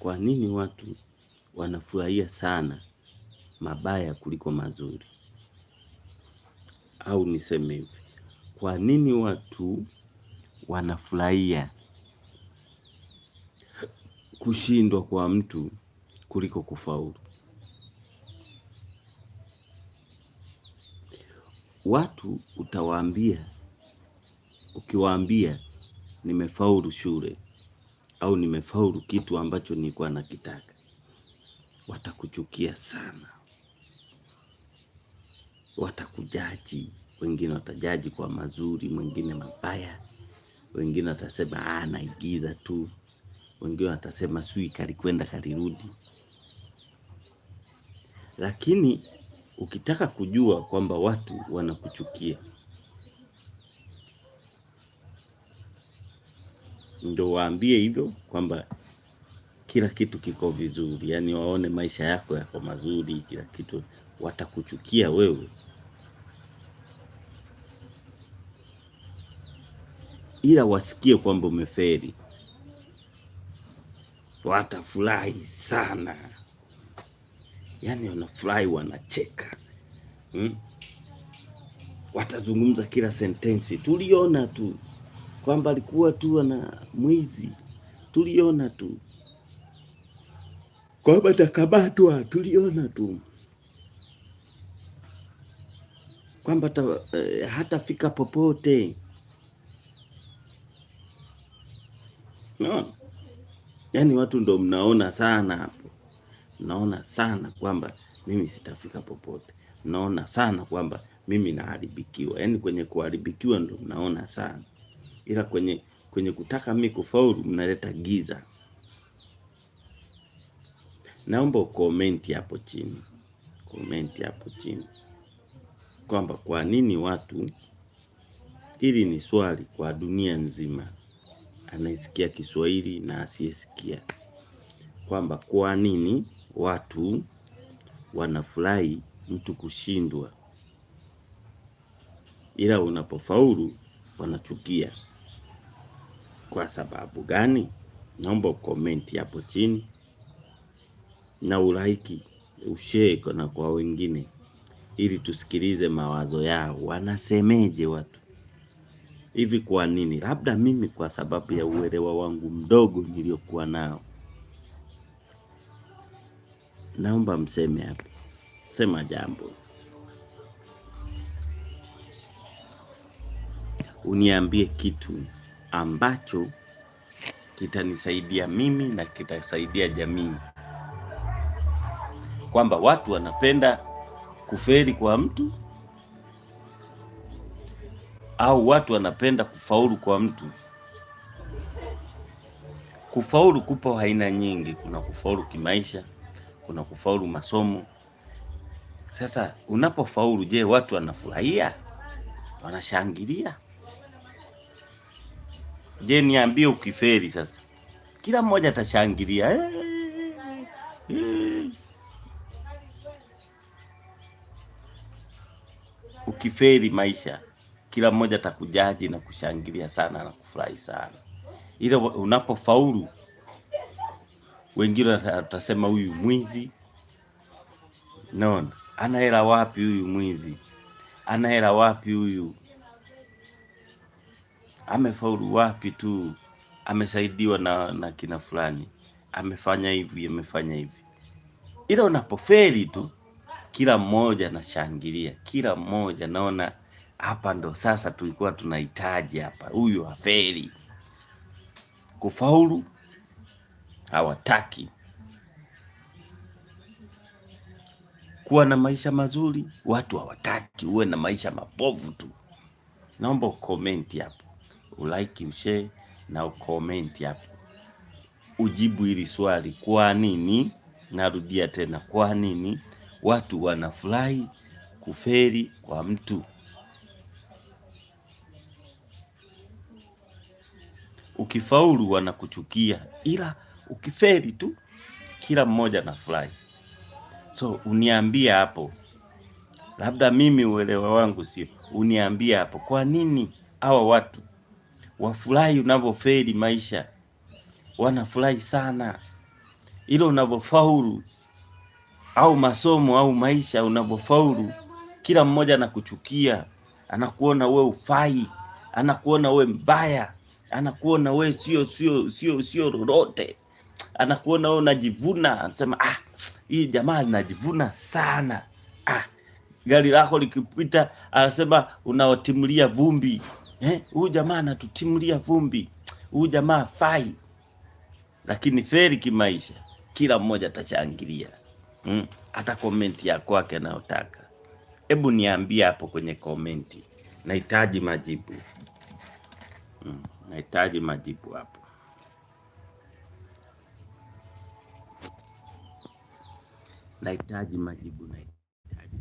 Kwa nini watu wanafurahia sana mabaya kuliko mazuri? Au niseme hivi, kwa nini watu wanafurahia kushindwa kwa mtu kuliko kufaulu? Watu utawaambia, ukiwaambia nimefaulu shule au nimefaulu kitu ambacho nilikuwa nakitaka, watakuchukia sana, watakujaji. Wengine watajaji kwa mazuri, mwingine mabaya, wengine watasema ah, naigiza tu, wengine watasema sui kalikwenda kalirudi. Lakini ukitaka kujua kwamba watu wanakuchukia ndo waambie hivyo kwamba kila kitu kiko vizuri, yani waone maisha yako yako mazuri, kila kitu. Watakuchukia wewe, ila wasikie kwamba umeferi, watafurahi sana, yani wanafurahi, wanacheka hmm? Watazungumza kila sentensi, tuliona tu kwamba alikuwa tu ana mwizi, tuliona tu kwamba takabatwa, tuliona tu kwamba eh, hatafika popote. Naona yaani, watu ndo mnaona sana hapo, mnaona sana kwamba mimi sitafika popote, mnaona sana kwamba mimi naharibikiwa. Yaani kwenye kuharibikiwa ndo mnaona sana ila kwenye kwenye kutaka mimi kufaulu mnaleta giza. Naomba ukomenti hapo chini, komenti hapo chini kwamba kwa nini watu, hili ni swali kwa dunia nzima, anayesikia Kiswahili na asiyesikia, kwamba kwa nini watu wanafurahi mtu kushindwa, ila unapofaulu wanachukia. Kwa sababu gani? Naomba ukomenti hapo chini na ulaiki, ushare na kwa wengine, ili tusikilize mawazo yao, wanasemeje watu hivi. Kwa nini? Labda mimi kwa sababu ya uelewa wangu mdogo niliokuwa nao, naomba mseme hapo, sema jambo, uniambie kitu ambacho kitanisaidia mimi na kitasaidia jamii, kwamba watu wanapenda kufeli kwa mtu au watu wanapenda kufaulu kwa mtu. Kufaulu kupo aina nyingi, kuna kufaulu kimaisha, kuna kufaulu masomo. Sasa unapofaulu, je, watu wanafurahia? Wanashangilia? Je, niambie ukifeli sasa, kila mmoja atashangilia hey, eh, eh, hey. Eh. Ukifeli maisha, kila mmoja atakujaji na kushangilia sana na kufurahi sana, ila unapofaulu wengine watasema huyu mwizi, naona ana hela wapi huyu mwizi, ana hela wapi huyu amefaulu wapi tu, amesaidiwa na, na kina fulani, amefanya hivi, amefanya hivi. Ila unapofeli tu, kila mmoja anashangilia, kila mmoja naona hapa ndo sasa tulikuwa tunahitaji hapa, huyu afeli. Kufaulu hawataki, kuwa na maisha mazuri watu hawataki, uwe na maisha mabovu tu. Naomba ukomenti hapo ulike, ushare na ukomenti hapo, ujibu hili swali, kwa nini? Narudia tena, kwa nini watu wanafurahi kufeli kwa mtu? Ukifaulu wanakuchukia, ila ukifeli tu kila mmoja anafurahi. So uniambia hapo, labda mimi uelewa wangu sio, uniambia hapo, kwa nini hawa watu wafurahi unavyofeli maisha, wanafurahi sana ilo unavyofaulu au masomo au maisha unavyofaulu, kila mmoja anakuchukia, anakuona we ufai, anakuona we mbaya, anakuona we sio sio sio sio lolote, anakuona we unajivuna, anasema ah, hii jamaa linajivuna sana. Ah, gari lako likipita anasema unaotimulia vumbi. Eh, huyu jamaa anatutimulia vumbi, huyu jamaa fai. Lakini feri kimaisha, kila mmoja atachangilia hmm, hata komenti ya kwake anayotaka. Hebu niambie hapo kwenye komenti, nahitaji majibu hmm, nahitaji majibu hapo. Nahitaji majibu, nahitaji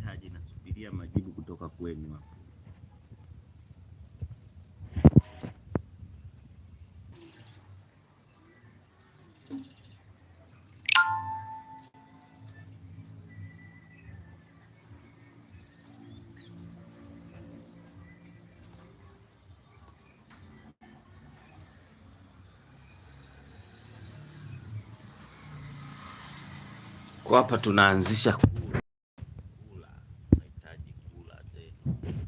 majibu, nasubiria majibu kutoka kwenu hapo. Hapa tunaanzisha Thank you.